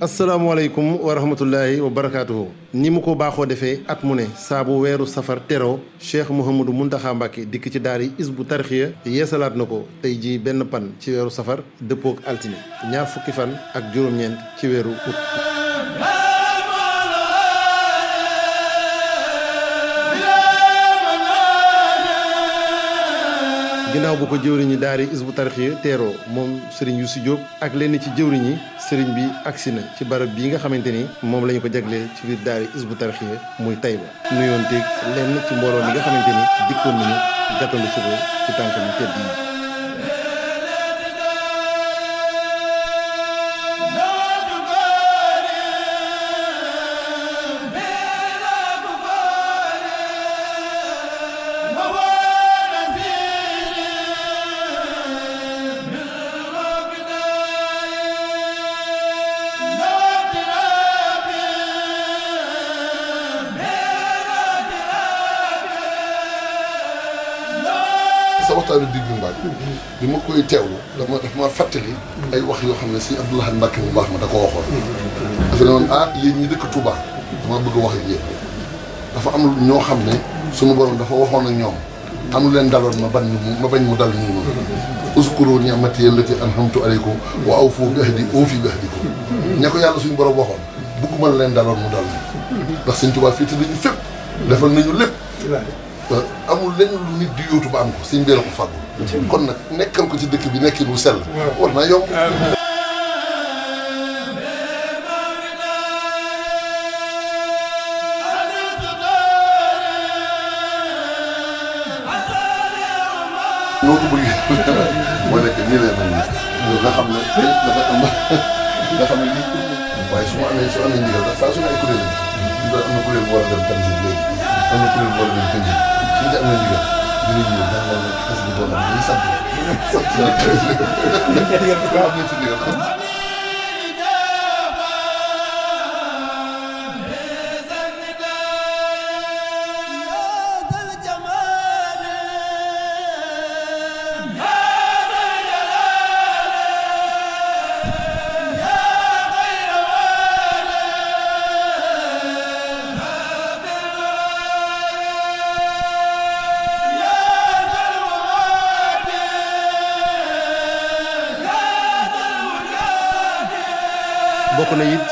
asalaamaaleykum wa rahmatullahi wa barakaatuhu ni mu ko baaxoo defee at mu ne saabu weeru safar teroo cheikh mouhamadou muntaxa mbàkke dikk ci daar bu isbu tarxiya yeesalaat na ko tey ji benn pan ci weeru safar dëppook altine ñaar fukki fan ak juróom-ñeent ci weeru ut ginnaaw bu ko jëwriñi daari isbu tarxiya teeroo moom sëriñ Youssou Diop ak lenn ci yi sëriñ bi agsi na ci barab bii nga xamante ni moom la ñu ko jaglee ci biir daari isbu tarxiya muy Taïba nuyoon teeg lenn ci mbooloo mi nga xamante ni dikkoon nañu gàttandu suko ci tànk mu tedd yi Ansaaru Dine Mbacke ma koy teewlu dama daf ma fàttali ay wax yoo xam ne si Abdou Lahad Mbacke bu baax ma da ko waxoon dafa woon ah yéen ñi dëkk Touba dama bëgg wax ak yéen dafa am ñoo xam ne sunu borom dafa waxoon ak ñoom am leen daloon ma bañ ma bañ mu dal ñu noonu ma ni'mati allati an'amtu alaykum wa awfu bi ahdi ufi bi ahdikum ña ko yàlla suñu borom waxoon bëgguma leen daloon mu dal ñu ndax Sëñ Tuubaa fii te dañu fépp defal nañu lépp amul lenn lu nit di yóotu ba am ko suñ bee la ko fàggu kon nag nekkal ko ci dëkk bi nekkin wu sell war naa yomb noo ko bëggee mooy nekk nii lay mel nii nga xam ne dafa am nga xam ne lii waaye su ma amee su amee ndigal dafa saa su ne ay kuréel yi am na kuréel bu war a dem tamit léegi am na kuréel bu war a dem tamit ñu ngi amee ndigal dinañ ñëw da nga war a nekk xas bu doon am dañuy sant sant naa ko.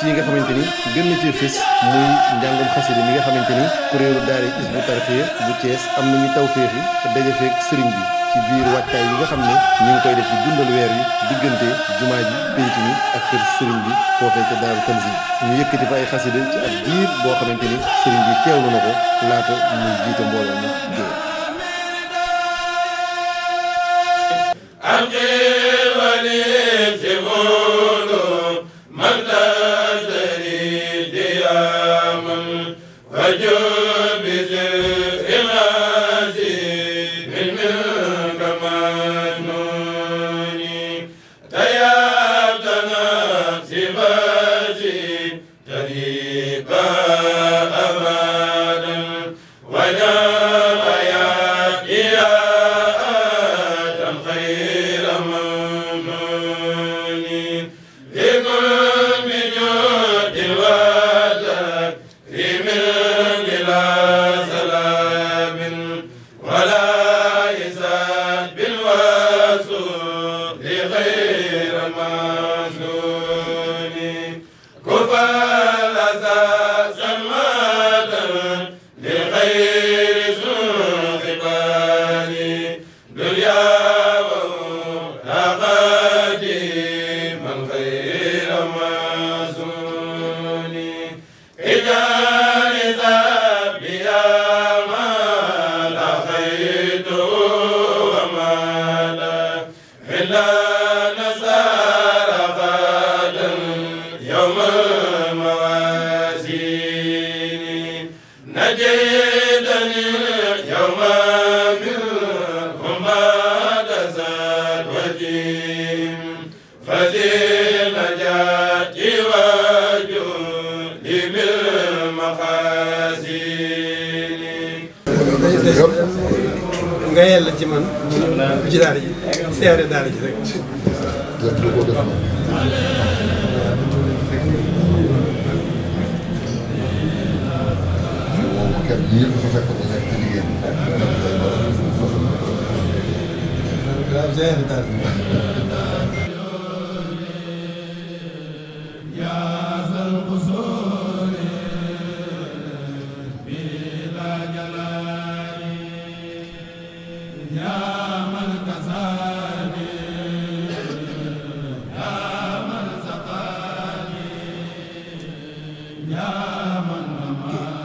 ci nga xamante ni gën na cee fës muy njàngum xasida mi nga xamante ni kuréelu daara Hizbut Tarqiyyah bu Thiès am na tawféex taw te daje feek sëriñ bi ci biir waajtaay yi nga xam ne ñu ngi koy def ci dundal weer yi diggante jumaa ji pénc mi ak kër sëriñ bi foofee ca daaru Tanzil ñu yëkkati fa ay xasida ci ak diir boo xamante ni sëriñ bi teewlu na ko laata muy jiite mbooloo mi li ghayri ma nga yàlla ci man. ci daara ji seere daara ji rek. jërëjëf Jaya Vital.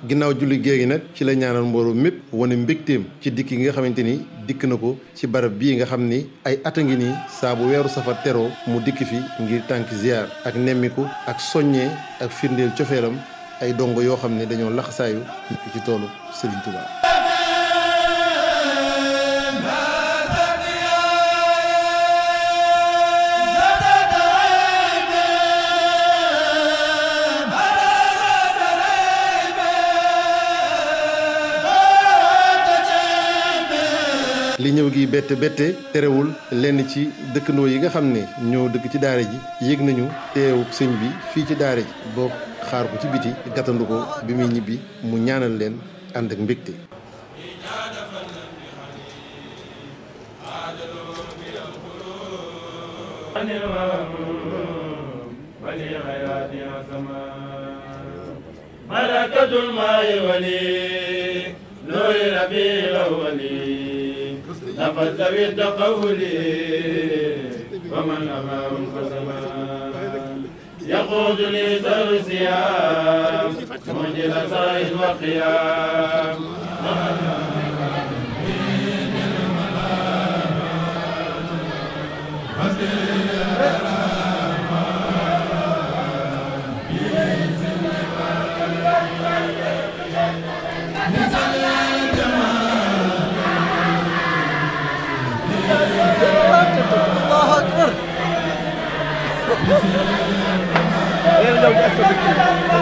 ginnaaw julli géegi nag ci la ñaanal mbooloo mépp wane mbégteem ci dikk gi nga xamante ni dikk na ko ci barab bii nga xam ni ay at a ngi nii saa weeru safar teroo mu dikk fi ngir tànk ziar ak nemmiku ak soññee ak firndeel cofeelam ay dongo yoo xam ne dañoo laxasaayu ci toolu Serigne Touba. li ñëw gi bette bette terewul lenn ci dëkkandoo yi nga xam ne ñoo dëkk ci daara ji yéeg nañu teewu sëñ bi fii ci daara ji boo xaar ko ci biti gàttandu ko bi muy ñibbi mu ñaanal leen ànd ak mbégte ملكة الماء ولي نور ربي الأولي لقد لبثت قولي ومن أمام فزمان يقود لي الصيام منجل سائل وقيام Yeah.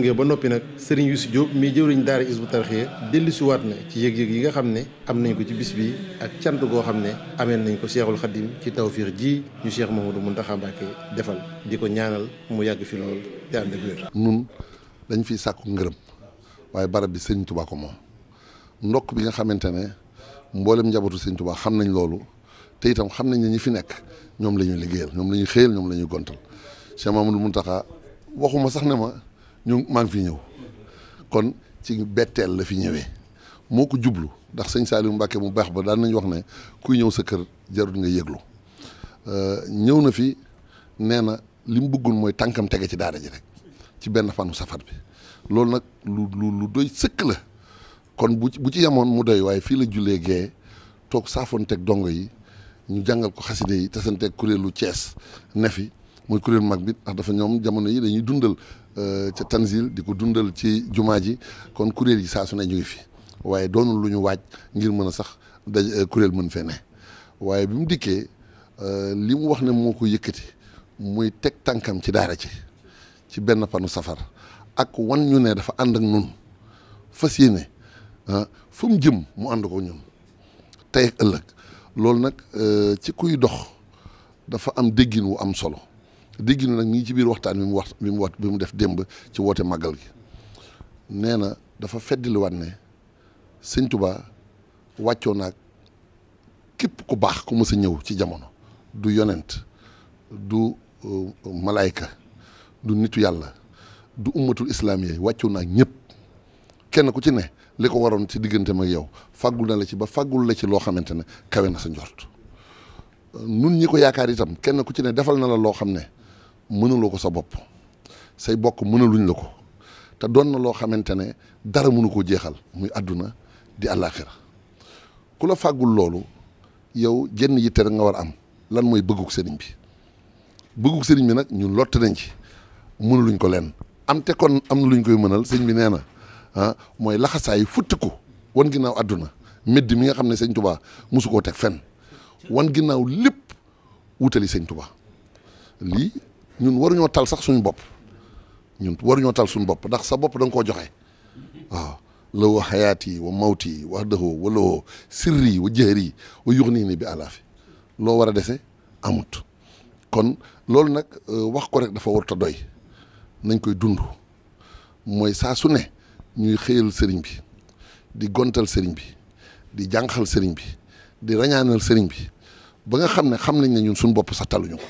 gungee ba noppi nag sëriñ Youssou Diop mii jëwriñ daara Hizbut Tarqiyyah dellusiwaat na ci yëg yi nga xam ne am nañ ko ci bis bi ak cant goo xam ne ameel nañ ko Cheikhul Khadim ci tawfiix ji ñu Cheikh Mamadou Mountakha Mbacké defal di ñaanal mu yàgg fi lool te ànd ak nun dañ fiy sàkku ngërëm waaye barab bi sëñ Touba ko moom ndokk bi nga xamante ne mboolem njabootu sëñ Touba xam nañ loolu te itam xam nañ ne ñi fi nekk ñoom la ñuy liggéeyal ñoom la ñuy xëyal ñoom la ñuy gontal Cheikh Mamadou Mountakha waxuma sax ne ma ñu maa fi ñëw kon ci betteel la fi ñëwee moo ko jublu ndax sëñ Saliou Mbacke mu baax ba daan nañu wax ne kuy ñëw sa kër jarul nga yëglu euh, ñëw na fi nee na li mu bëggoon mooy tànkam tege ci daara ji rek ci benn fanu safar bi loolu nag lu lu doy sëkk la kon bu bu ci yemoon mu day waaye fii la jullee gee toog saafoon teg dongo yi ñu jàngal ko xaside yi tasanteeg kuréelu Cees ne fi mooy kuréel mag bi ndax dafa ñoom jamono yi dañuy dundal euh, ca Tanzil di ko dundal ci jumaa ji kon kuréel yi saa su ne ñu fi waaye doonu lu ñu waaj ngir mën a sax daj euh, kuréel mën fee ne waaye bi mu dikkee euh, li mu wax ne moo ko yëkkati muy teg tànkam ci daara ci ci benn panu safar ak wan ñu ne dafa ànd ak nun fas yéene ah, fu mu jëm mu ànd ko ñun tey ak ëllëg loolu nag ci kuy dox dafa am déggin wu am solo dégg na nag ñii ci biir waxtaan bi mu wax bi mu bi mu def démb ci woote màggal gi nee na dafa feddiliwaat ne sëñ Tuubaa wàccoo naag képp ku baax ku mës a ñëw ci jamono du yonent du euh, malaayka du nitu yàlla du islaam islaamiya wàccoo naag ñëpp kenn ku ci ne li ko waroon ci diggante mag yow fàggul na la ci ba fàggul la ci loo xamante ne kawe na sa njort nun ñi ko yaakaar itam kenn ku ci ne defal na la loo xam ne mënuloo ko sa bopp say bokk mënaluñ la ko te doon na loo xamante ne dara mënu ko jeexal muy àdduna di àllaaxira ku la fàggul loolu yow jenn yitte rek nga war am lan mooy bëggug sëriñ bi bëggug sëriñ bi nag ñun lott nañ ci mënuluñ ko lenn am te kon am na luñ koy mënal sëñ bi nee na ah mooy laxasaay ko wan ginnaaw àdduna médd mi nga xam ne sëñ tubaa mosu koo teg fen wan ginnaaw lépp wutali sëñ tubaa lii ñun waruñoo tal sax suñu bopp ñun waruñoo tal suñu bopp ndax sa bopp danga nga koo joxe waaw la wa xayaati wa mawti wax dëxoo wala woo sirri wa jëhri wa yux nii ni bi alaafi loo war a dese amut kon loolu nag euh, wax ko rek dafa warut doy nañ koy dund mooy saa su ne ñuy xëyal sëriñ bi di gontal sëriñ bi di jànqal sëriñ bi di rañaanal sëriñ bi ba nga xam ne xam nañ ne ñun suñu bopp sax taluñu ko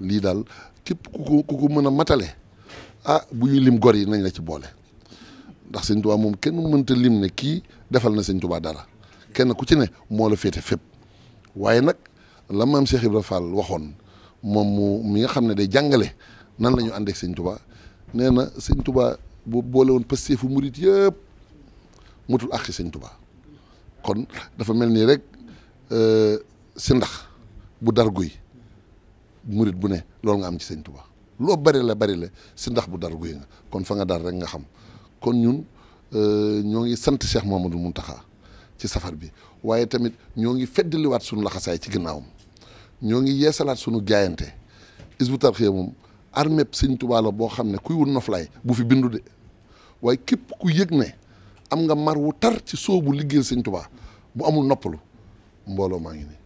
lii daal képp ku ko mën a matale ah bu ñuy lim gor yi nañ la ci boole ndax sëñ Tuubaa moom kenn mënta lim ne kii defal na sëñ Tuubaa dara kenn ku ci ne moo la féete fépp waaye nag la maam Cheikh Ibra Fall waxoon moom mu mi nga xam ne day jàngale nan lañu àndeek sëñ Tuubaa nee na sëñ Tuubaa bu boole woon Pastef fu murit yëpp mutul àqi sëñ Tuubaa kon dafa mel nii rek euh, si ndax bu dar guy murit bu ne loolu nga am ci sëñ Tuubaa loo bari la bari la si ndax bu dara guy nga kon fa nga dar rek nga xam kon ñun euh, ñoo ngi sant Cheikh Mouhamadou Mountakha ci safar bi waaye tamit ñoo ngi feddaliwaat suñu laxasaay ci ginnaawam ñoo ngi yeesalaat suñu jaayante Hizbut Tarqiyyah moom armée sëñ Tuubaa la boo xam ne kuy wut noflaay bu fi bindu de waaye képp ku yëg ne am nga mar wu tar ci soobu liggéey sëñ Tuubaa bu amul noppalu mbooloo maa ngi nii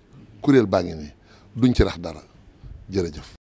kuréel baa ngi duñ ci rax dara jërëjëf